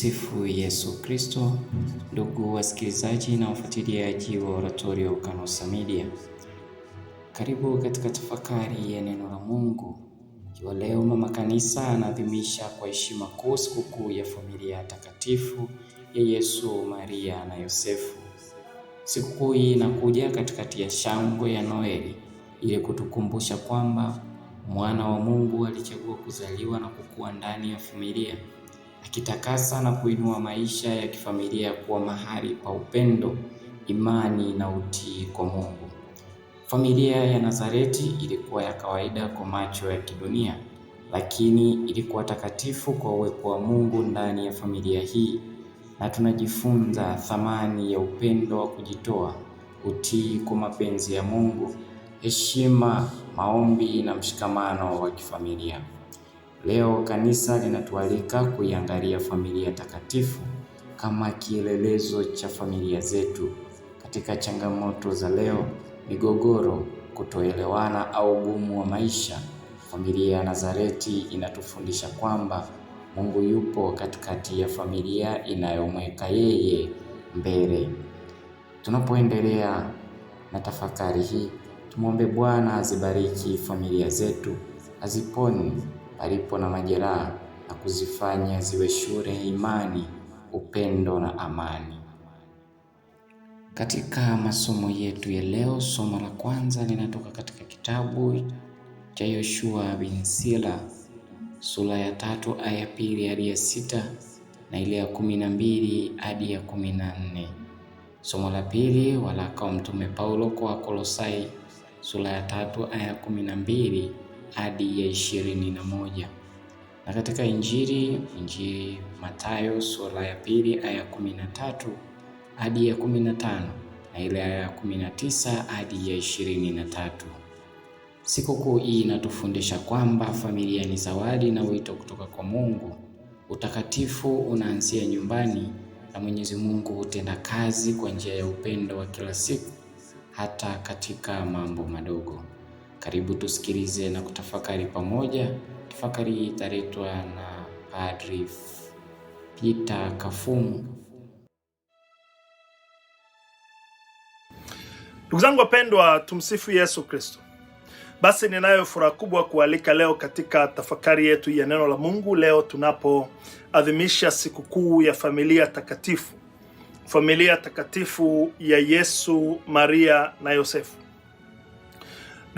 Tumsifu Yesu Kristo. Ndugu wasikilizaji na wafuatiliaji wa Oratorio Kanosa Media, karibu katika tafakari ya neno la Mungu. Ikiwa leo mama kanisa anaadhimisha kwa heshima kuu sikukuu ya familia takatifu ya Yesu, Maria na Yosefu. Sikukuu hii inakuja katikati ya shangwe ya Noeli ili kutukumbusha kwamba mwana wa Mungu alichagua kuzaliwa na kukua ndani ya familia akitakasa na kuinua maisha ya kifamilia kuwa mahali pa upendo, imani na utii kwa Mungu. Familia ya Nazareti ilikuwa ya kawaida kwa macho ya kidunia, lakini ilikuwa takatifu kwa uwepo wa Mungu ndani ya familia hii, na tunajifunza thamani ya upendo wa kujitoa, utii kwa mapenzi ya Mungu, heshima, maombi na mshikamano wa kifamilia. Leo kanisa linatualika kuiangalia familia takatifu kama kielelezo cha familia zetu katika changamoto za leo: migogoro, kutoelewana au ugumu wa maisha. Familia ya Nazareti inatufundisha kwamba Mungu yupo katikati ya familia inayomweka yeye mbele. Tunapoendelea na tafakari hii, tumwombe Bwana azibariki familia zetu, aziponi palipo na majeraha na kuzifanya ziwe shule imani, upendo na amani. Katika masomo yetu ya leo, somo la kwanza linatoka katika kitabu cha Yoshua bin Sira sura ya tatu aya ya pili hadi ya sita na ile ya kumi na mbili hadi ya kumi na nne. Somo la pili waraka wa Mtume Paulo kwa kolosai sura ya tatu aya ya kumi na mbili hadi ya ishirini na moja na katika Injili Injili Mathayo sura ya pili aya kumi na tatu hadi ya kumi na tano na ile aya ya kumi na tisa hadi ya ishirini na tatu. Sikukuu hii inatufundisha kwamba familia ni zawadi na wito kutoka kwa Mungu. Utakatifu unaanzia nyumbani na Mwenyezi Mungu hutenda kazi kwa njia ya upendo wa kila siku hata katika mambo madogo. Karibu tusikilize na kutafakari pamoja. Tafakari hii italetwa na Padri Peter Kafumu. Ndugu zangu wapendwa, tumsifu Yesu Kristo. Basi ninayo furaha kubwa kualika leo katika tafakari yetu ya neno la Mungu, leo tunapoadhimisha sikukuu ya familia takatifu, familia takatifu ya Yesu, Maria na Yosefu.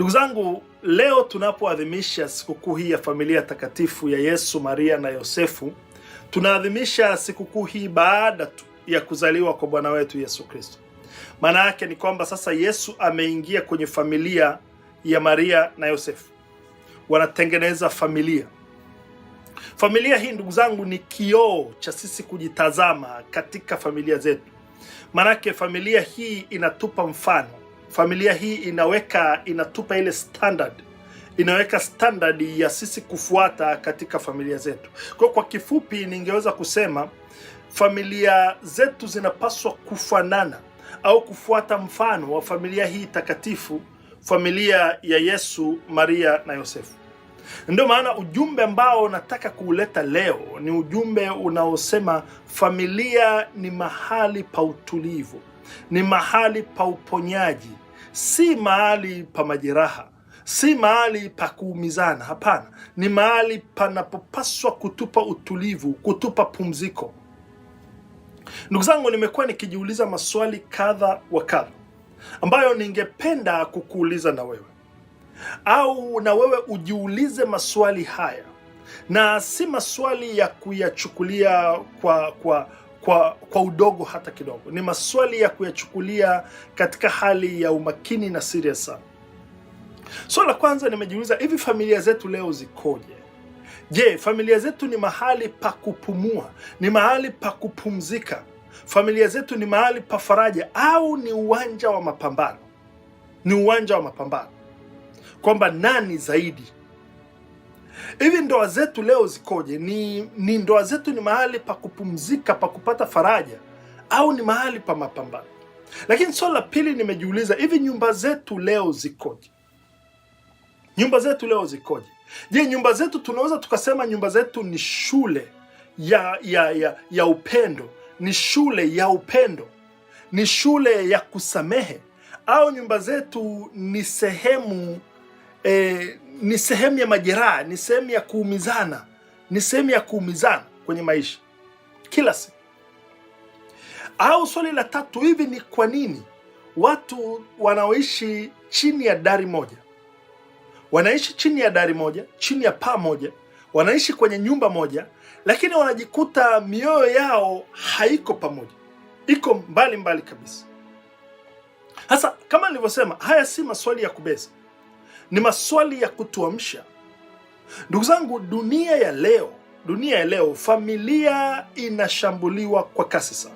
Ndugu zangu, leo tunapoadhimisha sikukuu hii ya familia takatifu ya Yesu, Maria na Yosefu, tunaadhimisha sikukuu hii baada tu ya kuzaliwa kwa Bwana wetu Yesu Kristo. Maana yake ni kwamba sasa Yesu ameingia kwenye familia ya Maria na Yosefu, wanatengeneza familia. Familia hii ndugu zangu ni kioo cha sisi kujitazama katika familia zetu, maanake familia hii inatupa mfano familia hii inaweka inatupa ile standard inaweka standard ya sisi kufuata katika familia zetu. Kwa kwa kifupi, ningeweza kusema familia zetu zinapaswa kufanana au kufuata mfano wa familia hii takatifu, familia ya Yesu, Maria na Yosefu. Ndio maana ujumbe ambao nataka kuuleta leo ni ujumbe unaosema familia ni mahali pa utulivu, ni mahali pa uponyaji, si mahali pa majeraha, si mahali pa kuumizana. Hapana, ni mahali panapopaswa kutupa utulivu, kutupa pumziko. Ndugu zangu, nimekuwa nikijiuliza maswali kadha wa kadha ambayo ningependa kukuuliza na wewe, au na wewe ujiulize maswali haya, na si maswali ya kuyachukulia kwa kwa kwa, kwa udogo hata kidogo. Ni maswali ya kuyachukulia katika hali ya umakini na serious sana. Swali la kwanza nimejiuliza, hivi familia zetu leo zikoje? Je, familia zetu ni mahali pa kupumua? Ni mahali pa kupumzika? Familia zetu ni mahali pa faraja au ni uwanja wa mapambano? Ni uwanja wa mapambano, kwamba nani zaidi Hivi ndoa zetu leo zikoje? Ni, ni ndoa zetu ni mahali pa kupumzika, pa kupata faraja au ni mahali pa mapambano? Lakini swali la pili nimejiuliza, hivi nyumba zetu leo zikoje? Nyumba zetu leo zikoje? Je, nyumba zetu tunaweza tukasema nyumba zetu ni shule ya ya ya, ya upendo, ni shule ya upendo, ni shule ya kusamehe, au nyumba zetu ni sehemu eh, ni sehemu ya majeraha, ni sehemu ya kuumizana, ni sehemu ya kuumizana kwenye maisha kila siku. Au swali la tatu hivi ni kwa nini watu wanaoishi chini ya dari moja, wanaishi chini ya dari moja, chini ya paa moja, wanaishi kwenye nyumba moja, lakini wanajikuta mioyo yao haiko pamoja, iko mbali mbali kabisa. Sasa kama nilivyosema, haya si maswali ya kubeza ni maswali ya kutuamsha. Ndugu zangu, dunia ya leo, dunia ya leo, familia inashambuliwa kwa kasi sana.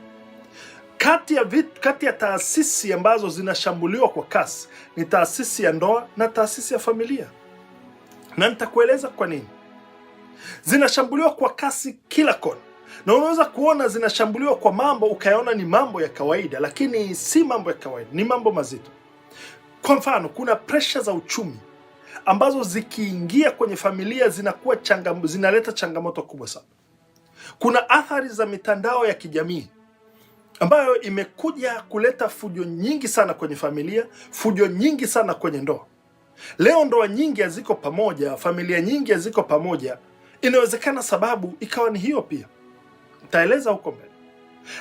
Kati ya vit, kati ya taasisi ambazo zinashambuliwa kwa kasi ni taasisi ya ndoa na taasisi ya familia, na nitakueleza kwa nini zinashambuliwa kwa kasi kila kona na unaweza kuona zinashambuliwa kwa mambo ukayaona ni mambo ya kawaida, lakini si mambo ya kawaida, ni mambo mazito. Kwa mfano, kuna presha za uchumi ambazo zikiingia kwenye familia zinakuwa changam, zinaleta changamoto kubwa sana. Kuna athari za mitandao ya kijamii ambayo imekuja kuleta fujo nyingi sana kwenye familia, fujo nyingi sana kwenye ndoa. Leo ndoa nyingi haziko pamoja, familia nyingi haziko pamoja. Inawezekana sababu ikawa ni hiyo pia, nitaeleza huko mbele.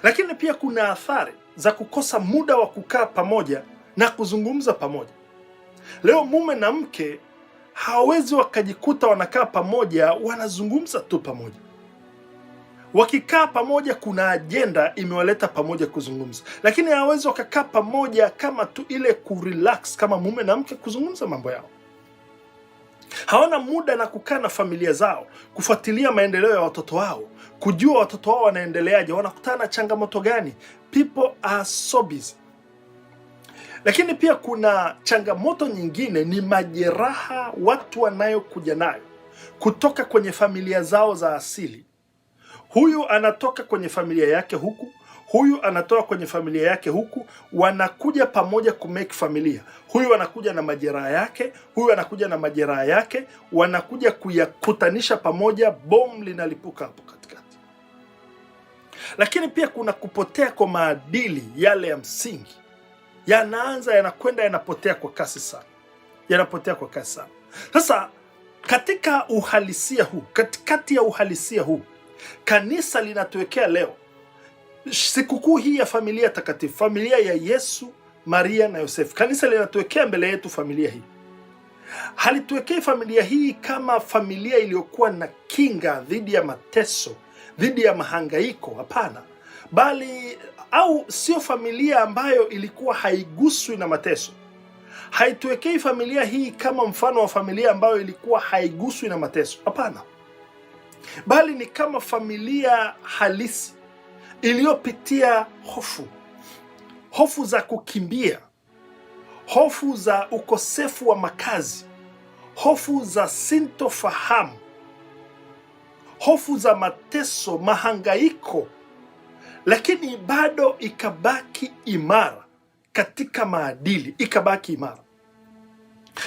Lakini pia kuna athari za kukosa muda wa kukaa pamoja na kuzungumza pamoja. Leo mume na mke hawawezi wakajikuta wanakaa pamoja wanazungumza tu pamoja. Wakikaa pamoja, kuna ajenda imewaleta pamoja kuzungumza, lakini hawawezi wakakaa pamoja kama tu ile kurelax, kama mume na mke kuzungumza mambo yao. Hawana muda na kukaa na familia zao, kufuatilia maendeleo ya watoto wao, kujua watoto wao wanaendeleaje, wanakutana na changamoto gani. People are so busy. Lakini pia kuna changamoto nyingine, ni majeraha watu wanayokuja nayo kutoka kwenye familia zao za asili. Huyu anatoka kwenye familia yake huku, huyu anatoka kwenye familia yake huku, wanakuja pamoja kumake familia. Huyu anakuja na majeraha yake, huyu anakuja na majeraha yake, wanakuja kuyakutanisha pamoja, bomu linalipuka hapo katikati. Lakini pia kuna kupotea kwa maadili yale ya msingi yanaanza yanakwenda yanapotea kwa kasi sana, yanapotea kwa kasi sana. Sasa katika uhalisia huu, katikati ya uhalisia huu, kanisa linatuwekea leo sikukuu hii ya familia takatifu, familia ya Yesu, Maria na Yosefu. Kanisa linatuwekea mbele yetu familia hii, halituwekei familia hii kama familia iliyokuwa na kinga dhidi ya mateso, dhidi ya mahangaiko. Hapana, bali au sio familia ambayo ilikuwa haiguswi na mateso. Haituwekei familia hii kama mfano wa familia ambayo ilikuwa haiguswi na mateso, hapana, bali ni kama familia halisi iliyopitia hofu, hofu za kukimbia, hofu za ukosefu wa makazi, hofu za sintofahamu, hofu za mateso, mahangaiko lakini bado ikabaki imara katika maadili, ikabaki imara.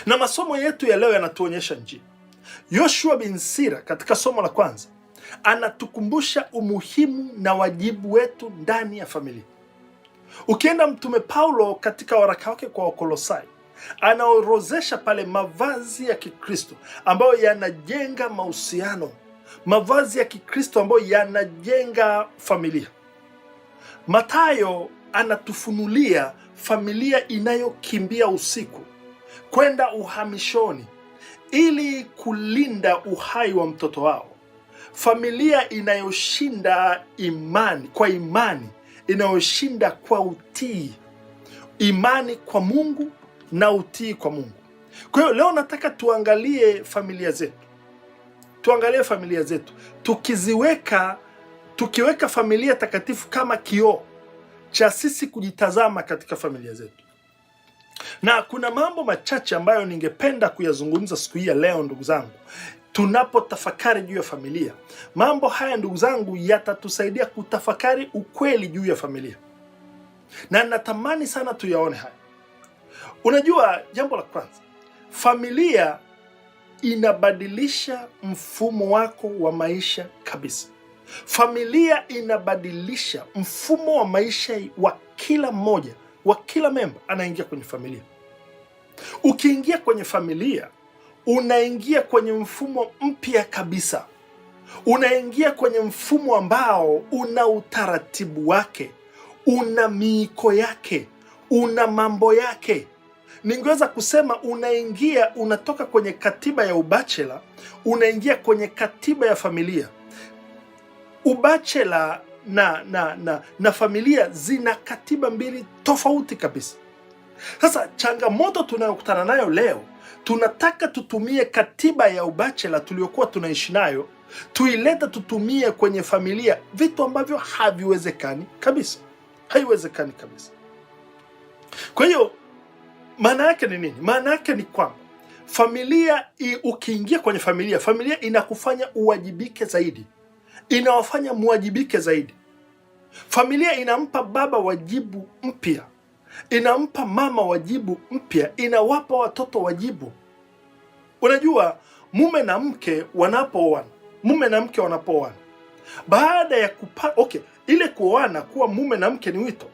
Na masomo yetu ya leo yanatuonyesha njia. Yoshua bin Sira katika somo la kwanza anatukumbusha umuhimu na wajibu wetu ndani ya familia. Ukienda Mtume Paulo katika waraka wake kwa Wakolosai anaorozesha pale mavazi ya Kikristo ambayo yanajenga mahusiano, mavazi ya Kikristo ambayo yanajenga familia. Mathayo anatufunulia familia inayokimbia usiku kwenda uhamishoni ili kulinda uhai wa mtoto wao, familia inayoshinda imani kwa imani, inayoshinda kwa utii, imani kwa Mungu na utii kwa Mungu. Kwa hiyo leo nataka tuangalie familia zetu, tuangalie familia zetu tukiziweka tukiweka familia takatifu kama kioo cha sisi kujitazama katika familia zetu. Na kuna mambo machache ambayo ningependa kuyazungumza siku hii ya leo, ndugu zangu, tunapotafakari juu ya familia. Mambo haya ndugu zangu, yatatusaidia kutafakari ukweli juu ya familia, na natamani sana tuyaone haya. Unajua, jambo la kwanza, familia inabadilisha mfumo wako wa maisha kabisa. Familia inabadilisha mfumo wa maisha wa kila mmoja, wa kila memba anaingia kwenye familia. Ukiingia kwenye familia, unaingia kwenye mfumo mpya kabisa. Unaingia kwenye mfumo ambao una utaratibu wake, una miiko yake, una mambo yake. Ningeweza kusema unaingia, unatoka kwenye katiba ya ubachela, unaingia kwenye katiba ya familia ubachela na, na, na, na familia zina katiba mbili tofauti kabisa. Sasa changamoto tunayokutana nayo leo, tunataka tutumie katiba ya ubachela tuliyokuwa tunaishi nayo tuileta tutumie kwenye familia, vitu ambavyo haviwezekani kabisa, haiwezekani kabisa. Kwa hiyo maana yake ni nini? Maana yake ni kwamba familia, ukiingia kwenye familia, familia inakufanya uwajibike zaidi inawafanya mwajibike zaidi. Familia inampa baba wajibu mpya, inampa mama wajibu mpya, inawapa watoto wajibu. Unajua, mume na mke wanapooana, mume na mke wanapooana, baada ya kupa, okay, ile kuoana kuwa mume na mke ni wito,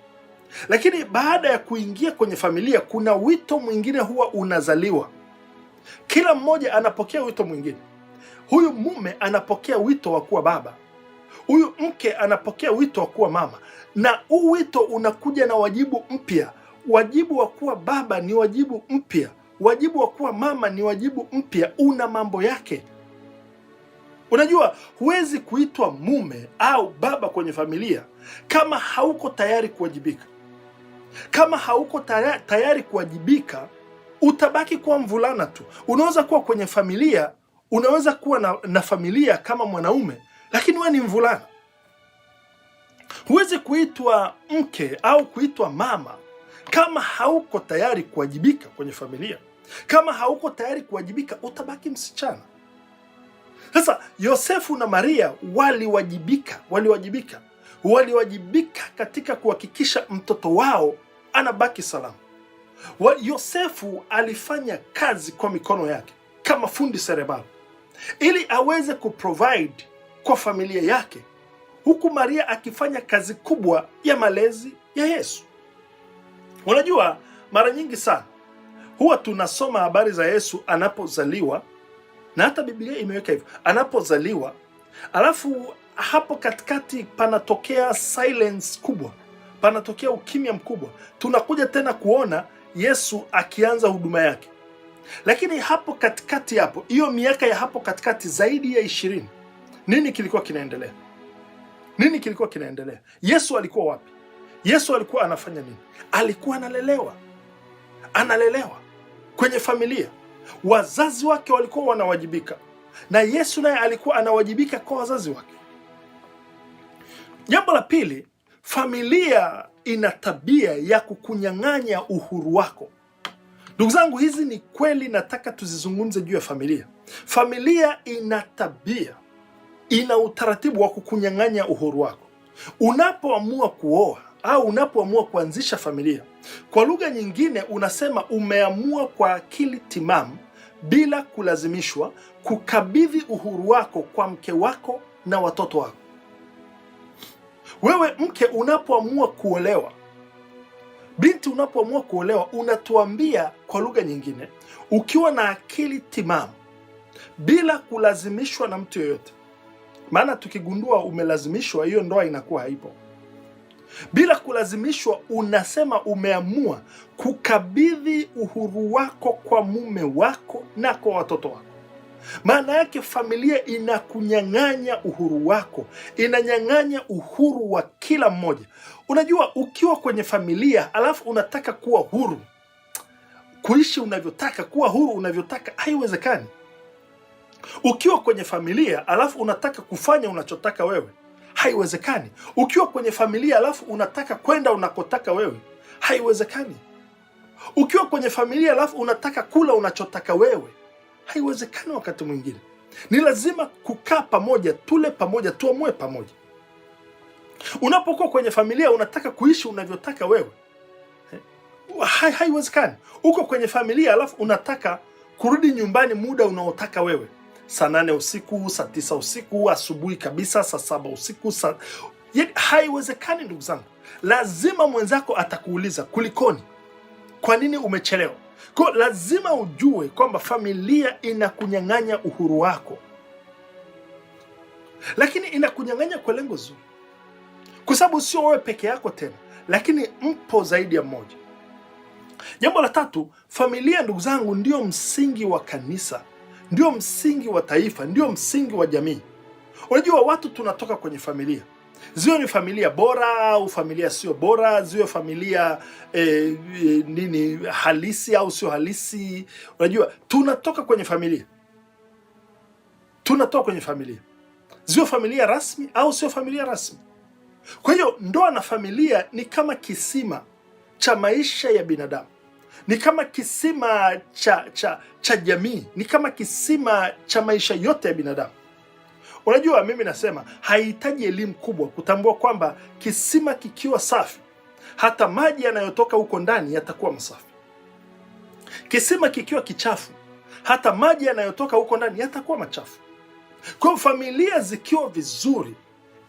lakini baada ya kuingia kwenye familia kuna wito mwingine huwa unazaliwa. Kila mmoja anapokea wito mwingine. Huyu mume anapokea wito wa kuwa baba huyu mke anapokea wito wa kuwa mama, na huu wito unakuja na wajibu mpya. Wajibu wa kuwa baba ni wajibu mpya, wajibu wa kuwa mama ni wajibu mpya, una mambo yake. Unajua, huwezi kuitwa mume au baba kwenye familia kama hauko tayari kuwajibika. Kama hauko tayari kuwajibika, utabaki kuwa mvulana tu. Unaweza kuwa kwenye familia, unaweza kuwa na, na familia kama mwanaume lakini wewe ni mvulana. Huwezi kuitwa mke au kuitwa mama kama hauko tayari kuwajibika kwenye familia. Kama hauko tayari kuwajibika, utabaki msichana. Sasa Yosefu na Maria waliwajibika, waliwajibika, waliwajibika katika kuhakikisha mtoto wao anabaki salama. Yosefu alifanya kazi kwa mikono yake kama fundi seremala ili aweze kuprovide kwa familia yake, huku Maria akifanya kazi kubwa ya malezi ya Yesu. Unajua, mara nyingi sana huwa tunasoma habari za Yesu anapozaliwa na hata Biblia imeweka hivyo, anapozaliwa alafu hapo katikati panatokea silence kubwa, panatokea ukimya mkubwa. Tunakuja tena kuona Yesu akianza huduma yake, lakini hapo katikati, hapo hiyo miaka ya hapo katikati zaidi ya ishirini nini kilikuwa kinaendelea? Nini kilikuwa kinaendelea? Yesu alikuwa wapi? Yesu alikuwa anafanya nini? Alikuwa analelewa, analelewa kwenye familia. Wazazi wake walikuwa wanawajibika, na Yesu naye alikuwa anawajibika kwa wazazi wake. Jambo la pili, familia ina tabia ya kukunyang'anya uhuru wako. Ndugu zangu, hizi ni kweli nataka tuzizungumze juu ya familia. Familia ina tabia ina utaratibu wa kukunyang'anya uhuru wako. Unapoamua kuoa au unapoamua kuanzisha familia, kwa lugha nyingine unasema umeamua kwa akili timamu, bila kulazimishwa, kukabidhi uhuru wako kwa mke wako na watoto wako. Wewe mke, unapoamua kuolewa binti, unapoamua kuolewa, unatuambia kwa lugha nyingine, ukiwa na akili timamu, bila kulazimishwa na mtu yoyote maana tukigundua umelazimishwa, hiyo ndoa inakuwa haipo. Bila kulazimishwa, unasema umeamua kukabidhi uhuru wako kwa mume wako na kwa watoto wako. Maana yake familia inakunyang'anya uhuru wako, inanyang'anya uhuru wa kila mmoja. Unajua, ukiwa kwenye familia alafu unataka kuwa huru, kuishi unavyotaka, kuwa huru unavyotaka, haiwezekani. Ukiwa kwenye familia alafu unataka kufanya unachotaka wewe, haiwezekani. Ukiwa kwenye familia alafu unataka kwenda unakotaka wewe, haiwezekani. Ukiwa kwenye familia alafu unataka kula unachotaka wewe, haiwezekani. Wakati mwingine ni lazima kukaa pamoja, tule pamoja, tuamue pamoja. Unapokuwa kwenye familia unataka kuishi unavyotaka wewe, haiwezekani. Uko kwenye familia alafu unataka kurudi nyumbani muda unaotaka wewe saa nane usiku, saa tisa usiku, asubuhi kabisa, saa saba usiku, yani, haiwezekani ndugu zangu. Lazima mwenzako atakuuliza kulikoni, kwa nini umechelewa? Kwa lazima ujue kwamba familia inakunyang'anya uhuru wako, lakini inakunyang'anya kwa lengo zuri, kwa sababu sio wewe peke yako tena, lakini mpo zaidi ya mmoja. Jambo la tatu, familia ndugu zangu, ndio msingi wa kanisa ndio msingi wa taifa, ndio msingi wa jamii. Unajua, watu tunatoka kwenye familia, ziwe ni familia bora au familia sio bora, ziwe familia e, nini halisi au sio halisi. Unajua, tunatoka kwenye familia, tunatoka kwenye familia, ziwe familia rasmi au sio familia rasmi. Kwa hiyo ndoa na familia ni kama kisima cha maisha ya binadamu ni kama kisima cha cha cha jamii, ni kama kisima cha maisha yote ya binadamu. Unajua, mimi nasema haihitaji elimu kubwa kutambua kwamba kisima kikiwa safi, hata maji yanayotoka huko ndani yatakuwa masafi. Kisima kikiwa kichafu, hata maji yanayotoka huko ndani yatakuwa machafu. Kwa hiyo familia zikiwa vizuri,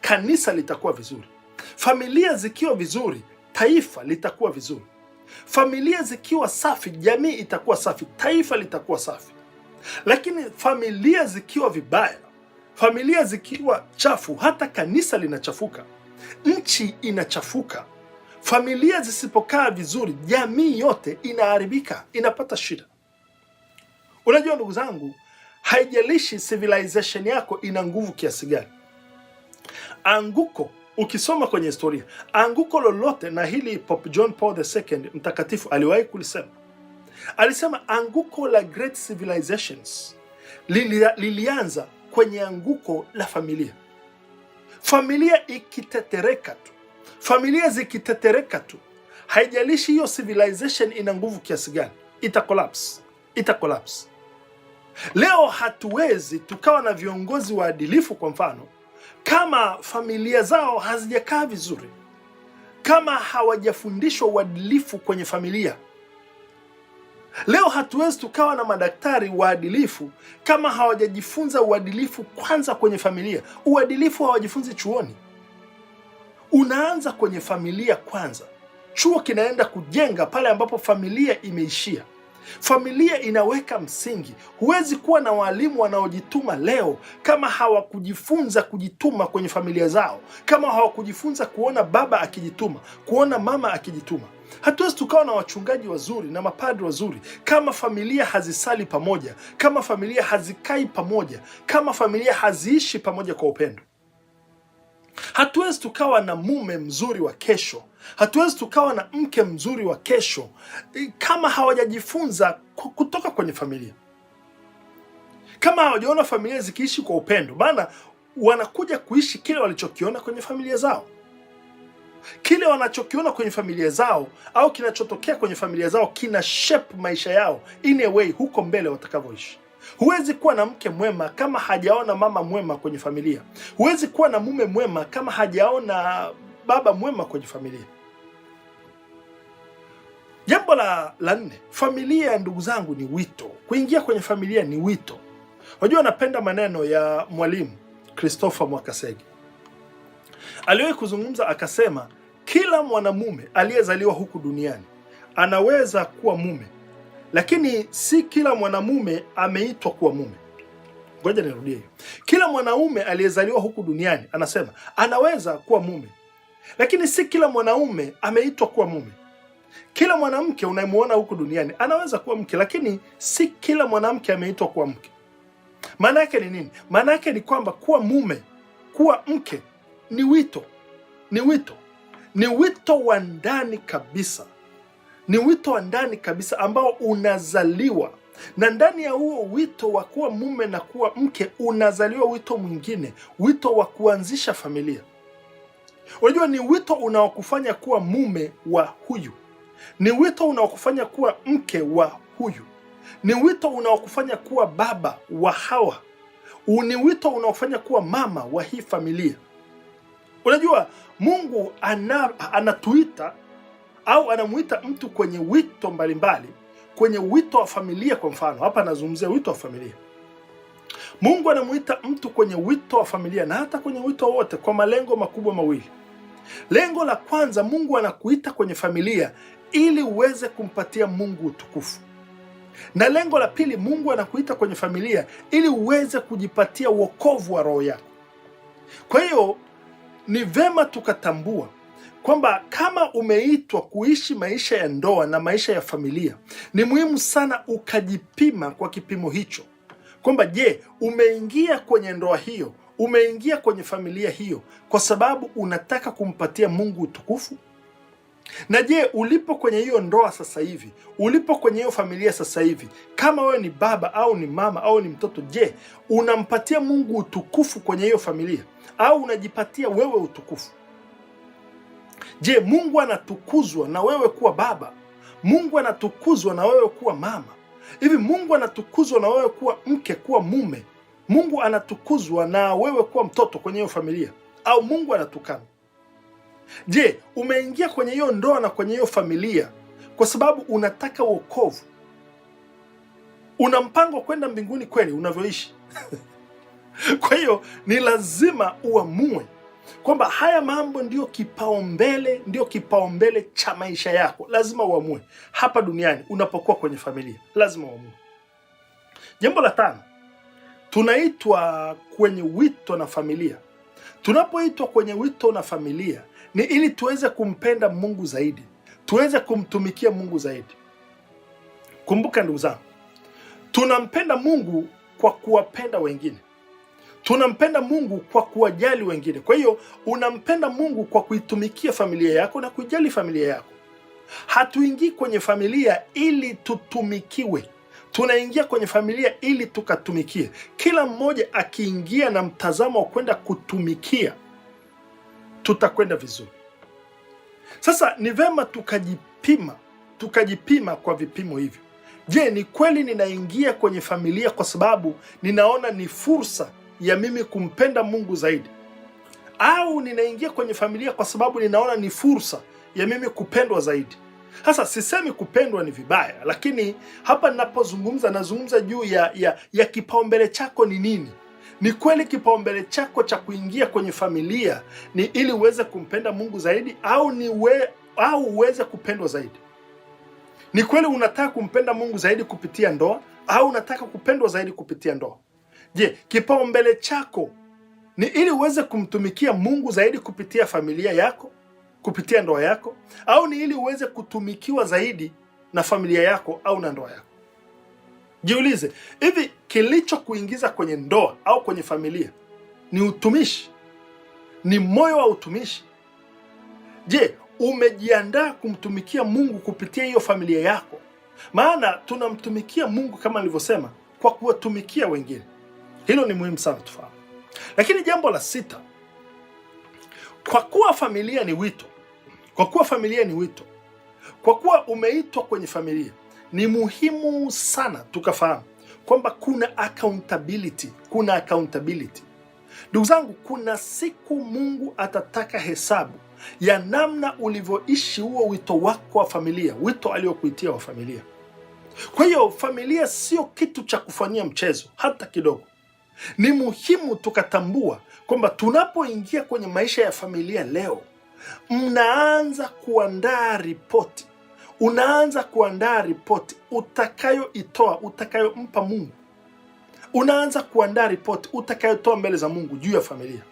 kanisa litakuwa vizuri. Familia zikiwa vizuri, taifa litakuwa vizuri. Familia zikiwa safi, jamii itakuwa safi, taifa litakuwa safi. Lakini familia zikiwa vibaya, familia zikiwa chafu, hata kanisa linachafuka, nchi inachafuka. Familia zisipokaa vizuri, jamii yote inaharibika, inapata shida. Unajua ndugu zangu, haijalishi civilization yako ina nguvu kiasi gani, anguko Ukisoma kwenye historia anguko lolote, na hili Pope John Paul II mtakatifu aliwahi kulisema, alisema anguko la great civilizations lilianza kwenye anguko la familia. Familia ikitetereka tu, familia zikitetereka tu, haijalishi hiyo civilization ina nguvu kiasi gani, ita collapse, ita collapse. Leo hatuwezi tukawa na viongozi waadilifu, kwa mfano kama familia zao hazijakaa vizuri, kama hawajafundishwa uadilifu kwenye familia. Leo hatuwezi tukawa na madaktari waadilifu kama hawajajifunza uadilifu kwanza kwenye familia. Uadilifu hawajifunzi chuoni, unaanza kwenye familia kwanza. Chuo kinaenda kujenga pale ambapo familia imeishia. Familia inaweka msingi. Huwezi kuwa na walimu wanaojituma leo kama hawakujifunza kujituma kwenye familia zao, kama hawakujifunza kuona baba akijituma, kuona mama akijituma. Hatuwezi tukawa na wachungaji wazuri na mapadri wazuri kama familia hazisali pamoja, kama familia hazikai pamoja, kama familia haziishi pamoja kwa upendo. Hatuwezi tukawa na mume mzuri wa kesho, hatuwezi tukawa na mke mzuri wa kesho e, kama hawajajifunza kutoka kwenye familia, kama hawajaona familia zikiishi kwa upendo. Maana wanakuja kuishi kile walichokiona kwenye familia zao, kile wanachokiona kwenye familia zao au kinachotokea kwenye familia zao kina shape maisha yao in a way, huko mbele watakavyoishi. Huwezi kuwa na mke mwema kama hajaona mama mwema kwenye familia. Huwezi kuwa na mume mwema kama hajaona baba mwema kwenye familia. Jambo la, la nne, familia ya ndugu zangu ni wito. Kuingia kwenye familia ni wito. wajua napenda maneno ya mwalimu Christopher Mwakasege aliwahi kuzungumza akasema, kila mwanamume aliyezaliwa huku duniani anaweza kuwa mume lakini si kila mwanamume ameitwa kuwa mume. Ngoja nirudie hiyo. Kila mwanaume aliyezaliwa huku duniani anasema anaweza kuwa mume, lakini si kila mwanaume ameitwa kuwa mume. Kila mwanamke unayemuona huku duniani anaweza kuwa mke, lakini si kila mwanamke ameitwa kuwa mke. Maana yake ni nini? Maana yake ni kwamba kuwa mume, kuwa mke ni wito, ni wito, ni wito wa ndani kabisa ni wito wa ndani kabisa ambao unazaliwa na ndani ya huo wito wa kuwa mume na kuwa mke unazaliwa wito mwingine, wito wa kuanzisha familia. Unajua, ni wito unaokufanya kuwa mume wa huyu, ni wito unaokufanya kuwa mke wa huyu, ni wito unaokufanya kuwa baba wa hawa, ni wito unaofanya kuwa mama wa hii familia. Unajua, Mungu ana, anatuita au anamwita mtu kwenye wito mbalimbali, kwenye wito wa familia. Kwa mfano hapa anazungumzia wito wa familia. Mungu anamuita mtu kwenye wito wa familia na hata kwenye wito wote kwa malengo makubwa mawili. Lengo la kwanza, Mungu anakuita kwenye familia ili uweze kumpatia Mungu utukufu, na lengo la pili, Mungu anakuita kwenye familia ili uweze kujipatia wokovu wa roho yako. Kwa hiyo ni vema tukatambua kwamba kama umeitwa kuishi maisha ya ndoa na maisha ya familia, ni muhimu sana ukajipima kwa kipimo hicho, kwamba je, umeingia kwenye ndoa hiyo, umeingia kwenye familia hiyo kwa sababu unataka kumpatia Mungu utukufu? Na je, ulipo kwenye hiyo ndoa sasa hivi, ulipo kwenye hiyo familia sasa hivi, kama wewe ni baba au ni mama au ni mtoto, je, unampatia Mungu utukufu kwenye hiyo familia au unajipatia wewe utukufu? Je, Mungu anatukuzwa na wewe kuwa baba? Mungu anatukuzwa na wewe kuwa mama? Hivi Mungu anatukuzwa na wewe kuwa mke, kuwa mume? Mungu anatukuzwa na wewe kuwa mtoto kwenye hiyo familia, au Mungu anatukana? Je, umeingia kwenye hiyo ndoa na kwenye hiyo familia kwa sababu unataka wokovu? Una mpango kwenda mbinguni kweli unavyoishi? Kwa hiyo ni lazima uamue kwamba haya mambo ndiyo kipaumbele, ndiyo kipaumbele cha maisha yako. Lazima uamue hapa duniani, unapokuwa kwenye familia, lazima uamue. Jambo la tano, tunaitwa kwenye wito na familia. Tunapoitwa kwenye wito na familia ni ili tuweze kumpenda Mungu zaidi, tuweze kumtumikia Mungu zaidi. Kumbuka ndugu zangu, tunampenda Mungu kwa kuwapenda wengine. Tunampenda Mungu kwa kuwajali wengine. Kwa hiyo unampenda Mungu kwa kuitumikia familia yako na kuijali familia yako. Hatuingii kwenye familia ili tutumikiwe, tunaingia kwenye familia ili tukatumikie. Kila mmoja akiingia na mtazamo wa kwenda kutumikia, tutakwenda vizuri. Sasa ni vema tukajipima, tukajipima kwa vipimo hivyo. Je, ni kweli ninaingia kwenye familia kwa sababu ninaona ni fursa ya mimi kumpenda Mungu zaidi, au ninaingia kwenye familia kwa sababu ninaona ni fursa ya mimi kupendwa zaidi. Sasa sisemi kupendwa ni vibaya, lakini hapa ninapozungumza nazungumza juu ya, ya, ya kipaumbele chako ni nini. Ni kweli kipaumbele chako cha kuingia kwenye familia ni ili uweze kumpenda Mungu zaidi au ni we, au uweze kupendwa zaidi? Ni kweli unataka kumpenda Mungu zaidi kupitia ndoa au unataka kupendwa zaidi kupitia ndoa? Je, kipaumbele chako ni ili uweze kumtumikia Mungu zaidi kupitia familia yako, kupitia ndoa yako, au ni ili uweze kutumikiwa zaidi na familia yako au na ndoa yako? Jiulize, hivi kilichokuingiza kwenye ndoa au kwenye familia ni utumishi? Ni moyo wa utumishi? Je, umejiandaa kumtumikia Mungu kupitia hiyo familia yako? Maana tunamtumikia Mungu kama nilivyosema, kwa kuwatumikia wengine. Hilo ni muhimu sana tufahamu. Lakini jambo la sita, kwa kuwa familia ni wito, kwa kuwa familia ni wito, kwa kuwa umeitwa kwenye familia, ni muhimu sana tukafahamu kwamba kuna accountability, kuna accountability. Ndugu zangu, kuna siku Mungu atataka hesabu ya namna ulivyoishi huo wito wako wa familia, wito aliokuitia wa familia. Kwa hiyo familia sio kitu cha kufanyia mchezo hata kidogo. Ni muhimu tukatambua kwamba tunapoingia kwenye maisha ya familia leo, mnaanza kuandaa ripoti, unaanza kuandaa ripoti utakayoitoa, utakayompa Mungu, unaanza kuandaa ripoti utakayotoa mbele za Mungu juu ya familia.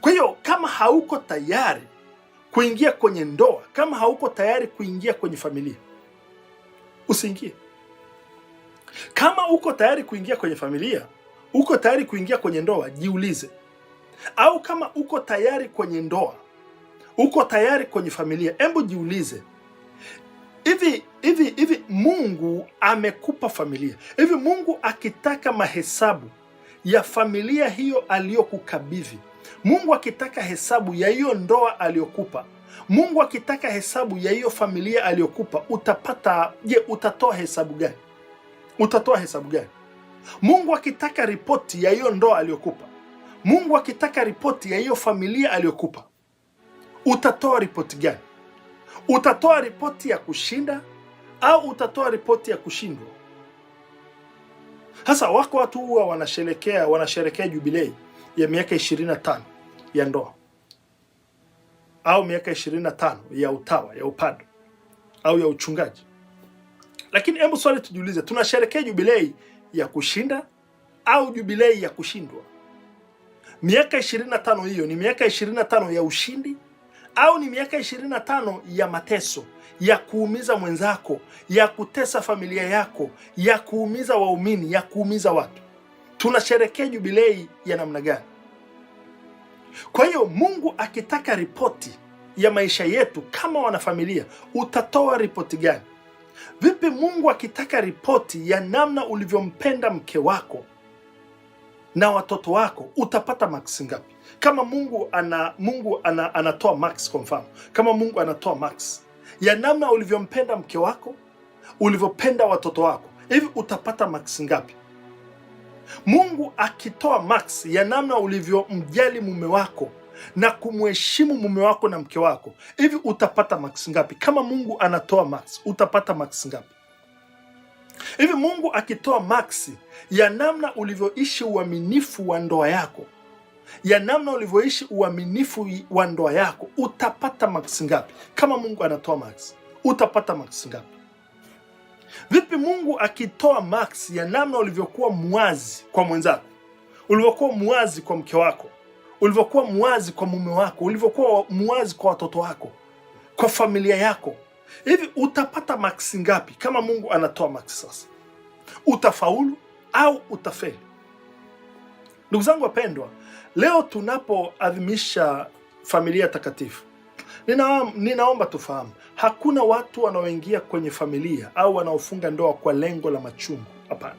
Kwa hiyo kama hauko tayari kuingia kwenye ndoa, kama hauko tayari kuingia kwenye familia, usiingie. Kama uko tayari kuingia kwenye familia uko tayari kuingia kwenye ndoa, jiulize. Au kama uko tayari kwenye ndoa, uko tayari kwenye familia, hebu jiulize hivi hivi hivi, Mungu amekupa familia hivi? Mungu akitaka mahesabu ya familia hiyo aliyokukabidhi, Mungu akitaka hesabu ya hiyo ndoa aliyokupa, Mungu akitaka hesabu ya hiyo familia aliyokupa, utapata je? Utatoa hesabu gani? Utatoa hesabu gani? Mungu akitaka ripoti ya hiyo ndoa aliyokupa, Mungu akitaka ripoti ya hiyo familia aliyokupa, utatoa ripoti gani? Utatoa ripoti ya kushinda au utatoa ripoti ya kushindwa? Hasa wako watu huwa wanasherekea wanasherekea jubilei ya miaka 25 ya ndoa au miaka 25 ya utawa ya upadre au ya uchungaji, lakini hebu swali tujiulize, tunasherekea jubilei ya kushinda au jubilei ya kushindwa. Miaka 25 hiyo ni miaka 25 ya ushindi au ni miaka 25 ya mateso, ya kuumiza mwenzako, ya kutesa familia yako, ya kuumiza waumini, ya kuumiza watu. Tunasherekea jubilei ya namna gani? Kwa hiyo Mungu akitaka ripoti ya maisha yetu kama wanafamilia, utatoa ripoti gani? Vipi Mungu akitaka ripoti ya namna ulivyompenda mke wako na watoto wako utapata max ngapi? Kama Mungu ana Mungu ana, anatoa max kwa mfano, kama Mungu anatoa max ya namna ulivyompenda mke wako, ulivyopenda watoto wako, hivi utapata max ngapi? Mungu akitoa max ya namna ulivyomjali mume wako na kumheshimu mume wako na mke wako, hivi utapata max ngapi? Kama Mungu anatoa max, utapata max ngapi? Hivi Mungu akitoa max ya namna ulivyoishi uaminifu wa ndoa yako, ya namna ulivyoishi uaminifu wa ndoa yako, utapata max ngapi? Kama Mungu anatoa max, utapata max ngapi? Vipi Mungu akitoa max ya namna ulivyokuwa mwazi kwa mwenzako, ulivyokuwa mwazi kwa mke wako ulivyokuwa mwazi kwa mume wako, ulivyokuwa mwazi kwa watoto wako, kwa familia yako, hivi utapata maksi ngapi? Kama Mungu anatoa maksi sasa, utafaulu au utafeli? Ndugu zangu wapendwa, leo tunapoadhimisha familia takatifu, nina, ninaomba tufahamu hakuna watu wanaoingia kwenye familia au wanaofunga ndoa kwa lengo la machungu. Hapana.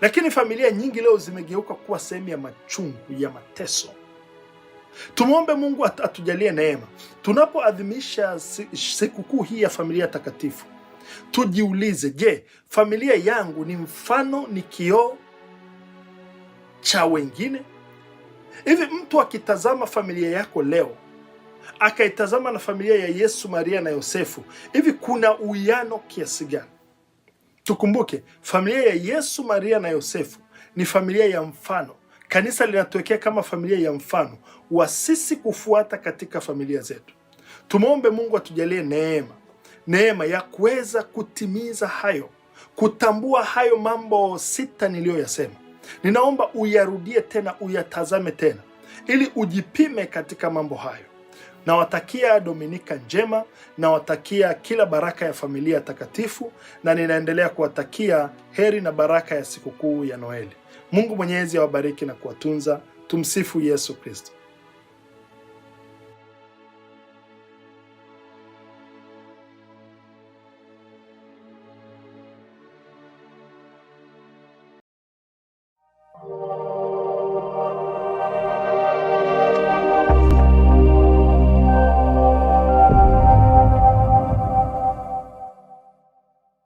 Lakini familia nyingi leo zimegeuka kuwa sehemu ya machungu, ya mateso Tumwombe Mungu atujalie neema. Tunapoadhimisha sikukuu hii ya familia takatifu, tujiulize, je, familia yangu ni mfano, ni kioo cha wengine? Hivi mtu akitazama familia yako leo akaitazama na familia ya Yesu, Maria na Yosefu, hivi kuna uwiano kiasi gani? Tukumbuke familia ya Yesu, Maria na Yosefu ni familia ya mfano Kanisa linatuwekea kama familia ya mfano wa sisi kufuata katika familia zetu. Tumwombe Mungu atujalie neema, neema ya kuweza kutimiza hayo, kutambua hayo mambo sita niliyoyasema. Ninaomba uyarudie tena, uyatazame tena, ili ujipime katika mambo hayo. Nawatakia Dominika njema, nawatakia kila baraka ya familia takatifu, na ninaendelea kuwatakia heri na baraka ya sikukuu ya Noeli. Mungu Mwenyezi awabariki na kuwatunza. Tumsifu Yesu Kristo.